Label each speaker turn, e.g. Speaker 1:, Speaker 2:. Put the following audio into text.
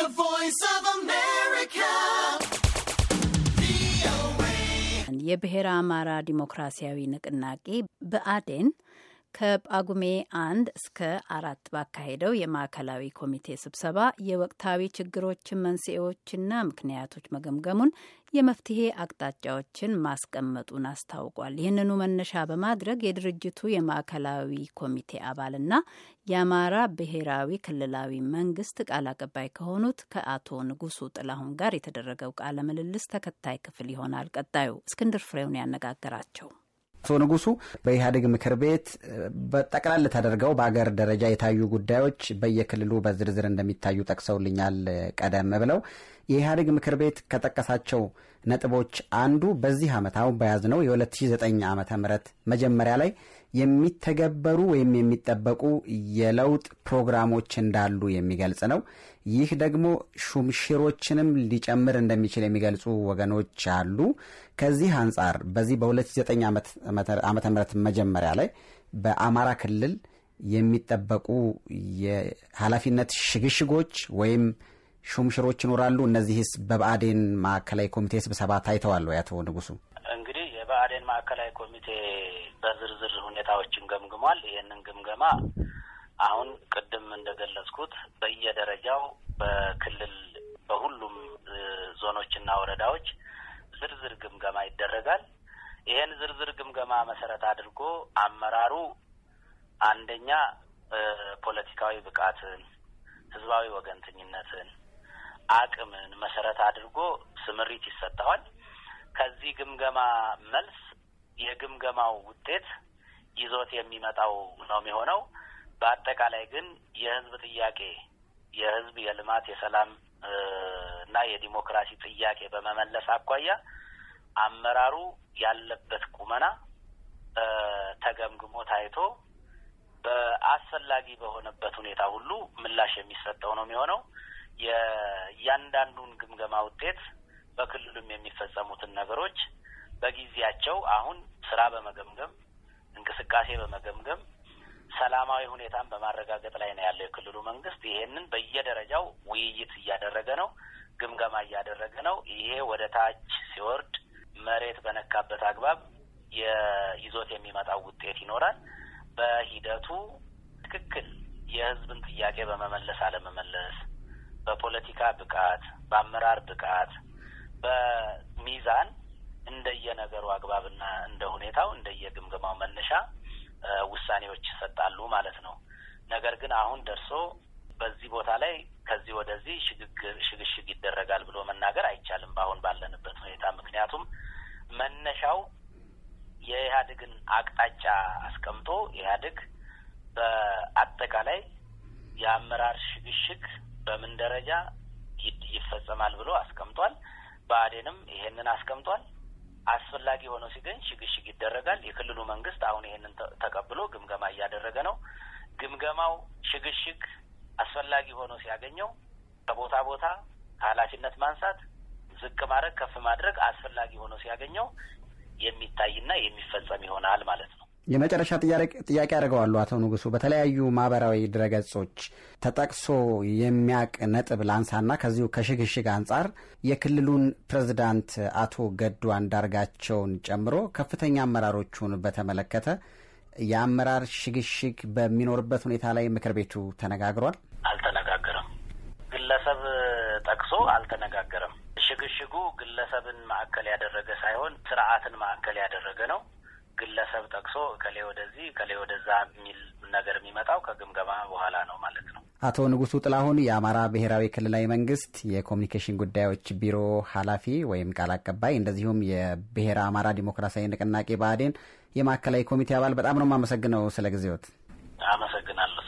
Speaker 1: The Voice of America.
Speaker 2: የብሔረ አማራ ዲሞክራሲያዊ ንቅናቄ ብአዴን ከጳጉሜ አንድ እስከ አራት ባካሄደው የማዕከላዊ ኮሚቴ ስብሰባ የወቅታዊ ችግሮችን መንስኤዎችና ምክንያቶች መገምገሙን የመፍትሄ አቅጣጫዎችን ማስቀመጡን አስታውቋል። ይህንኑ መነሻ በማድረግ የድርጅቱ የማዕከላዊ ኮሚቴ አባልና የአማራ ብሔራዊ ክልላዊ መንግስት ቃል አቀባይ ከሆኑት ከአቶ ንጉሱ ጥላሁን ጋር የተደረገው ቃለ ምልልስ ተከታይ ክፍል ይሆናል። ቀጣዩ እስክንድር ፍሬውን ያነጋገራቸው
Speaker 1: አቶ ንጉሱ በኢህአዴግ ምክር ቤት በጠቅላላ ተደርገው በአገር ደረጃ የታዩ ጉዳዮች በየክልሉ በዝርዝር እንደሚታዩ ጠቅሰውልኛል ቀደም ብለው የኢህአዴግ ምክር ቤት ከጠቀሳቸው ነጥቦች አንዱ በዚህ ዓመት አሁን በያዝነው የ2009 ዓ ም መጀመሪያ ላይ የሚተገበሩ ወይም የሚጠበቁ የለውጥ ፕሮግራሞች እንዳሉ የሚገልጽ ነው። ይህ ደግሞ ሹምሽሮችንም ሊጨምር እንደሚችል የሚገልጹ ወገኖች አሉ። ከዚህ አንጻር በዚህ በ2009 ዓ ም መጀመሪያ ላይ በአማራ ክልል የሚጠበቁ የኃላፊነት ሽግሽጎች ወይም ሹምሽሮች ይኖራሉ። እነዚህስ በብአዴን ማዕከላዊ ኮሚቴ ስብሰባ ታይተዋል ወይ? አቶ ንጉሱ
Speaker 3: እንግዲህ የብአዴን ማዕከላዊ ኮሚቴ በዝርዝር ሁኔታዎችን ገምግሟል። ይህንን ግምገማ አሁን ቅድም እንደገለጽኩት በየደረጃው በክልል በሁሉም ዞኖችና ወረዳዎች ዝርዝር ግምገማ ይደረጋል። ይህን ዝርዝር ግምገማ መሰረት አድርጎ አመራሩ አንደኛ ፖለቲካዊ ብቃትን፣ ህዝባዊ ወገንተኝነትን አቅምን መሰረት አድርጎ ስምሪት ይሰጠዋል። ከዚህ ግምገማ መልስ የግምገማው ውጤት ይዞት የሚመጣው ነው የሚሆነው። በአጠቃላይ ግን የህዝብ ጥያቄ የህዝብ የልማት የሰላም እና የዲሞክራሲ ጥያቄ በመመለስ አኳያ አመራሩ ያለበት ቁመና ተገምግሞ ታይቶ በአስፈላጊ በሆነበት ሁኔታ ሁሉ ምላሽ የሚሰጠው ነው የሚሆነው። የእያንዳንዱን ግምገማ ውጤት በክልሉም የሚፈጸሙትን ነገሮች በጊዜያቸው አሁን ስራ በመገምገም እንቅስቃሴ በመገምገም ሰላማዊ ሁኔታን በማረጋገጥ ላይ ነው ያለው የክልሉ መንግስት። ይሄንን በየደረጃው ውይይት እያደረገ ነው፣ ግምገማ እያደረገ ነው። ይሄ ወደ ታች ሲወርድ መሬት በነካበት አግባብ የይዞት የሚመጣው ውጤት ይኖራል። በሂደቱ ትክክል የህዝብን ጥያቄ በመመለስ አለመመለስ በፖለቲካ ብቃት፣ በአመራር ብቃት፣ በሚዛን እንደየነገሩ አግባብና እንደ ሁኔታው እንደየግምገማው መነሻ ውሳኔዎች ይሰጣሉ ማለት ነው። ነገር ግን አሁን ደርሶ በዚህ ቦታ ላይ ከዚህ ወደዚህ ሽግግር ሽግሽግ ይደረጋል ብሎ መናገር አይቻልም በአሁን ባለንበት ሁኔታ። ምክንያቱም መነሻው የኢህአዴግን አቅጣጫ አስቀምጦ ኢህአዴግ በአጠቃላይ የአመራር ሽግሽግ በምን ደረጃ ይፈጸማል ብሎ አስቀምጧል። ብአዴንም ይሄንን አስቀምጧል። አስፈላጊ ሆኖ ሲገኝ ሽግሽግ ይደረጋል። የክልሉ መንግስት አሁን ይሄንን ተቀብሎ ግምገማ እያደረገ ነው። ግምገማው ሽግሽግ አስፈላጊ ሆኖ ሲያገኘው ከቦታ ቦታ ከኃላፊነት ማንሳት፣ ዝቅ ማድረግ፣ ከፍ ማድረግ አስፈላጊ ሆኖ ሲያገኘው የሚታይና የሚፈጸም ይሆናል ማለት
Speaker 1: ነው። የመጨረሻ ጥያቄ አድርገዋለሁ አቶ ንጉሱ፣ በተለያዩ ማህበራዊ ድረገጾች ተጠቅሶ የሚያቅ ነጥብ ላንሳና ከዚሁ ከሽግሽግ አንጻር የክልሉን ፕሬዝዳንት አቶ ገዱ አንዳርጋቸውን ጨምሮ ከፍተኛ አመራሮቹን በተመለከተ የአመራር ሽግሽግ በሚኖርበት ሁኔታ ላይ ምክር ቤቱ ተነጋግሯል? አልተነጋገረም።
Speaker 3: ግለሰብ ጠቅሶ አልተነጋገረም። ሽግሽጉ ግለሰብን ማዕከል ያደረገ ሳይሆን ስርዓትን ማዕከል ያደረገ ነው። ግለሰብ ጠቅሶ እከሌ ወደዚህ እከሌ ወደዛ የሚል ነገር የሚመጣው ከግምገማ
Speaker 1: በኋላ ነው ማለት ነው። አቶ ንጉሱ ጥላሁን የአማራ ብሔራዊ ክልላዊ መንግስት የኮሚኒኬሽን ጉዳዮች ቢሮ ኃላፊ ወይም ቃል አቀባይ፣ እንደዚሁም የብሔረ አማራ ዲሞክራሲያዊ ንቅናቄ ብአዴን የማዕከላዊ ኮሚቴ አባል፣ በጣም ነው የማመሰግነው ስለ ጊዜዎት። አመሰግናለሁ።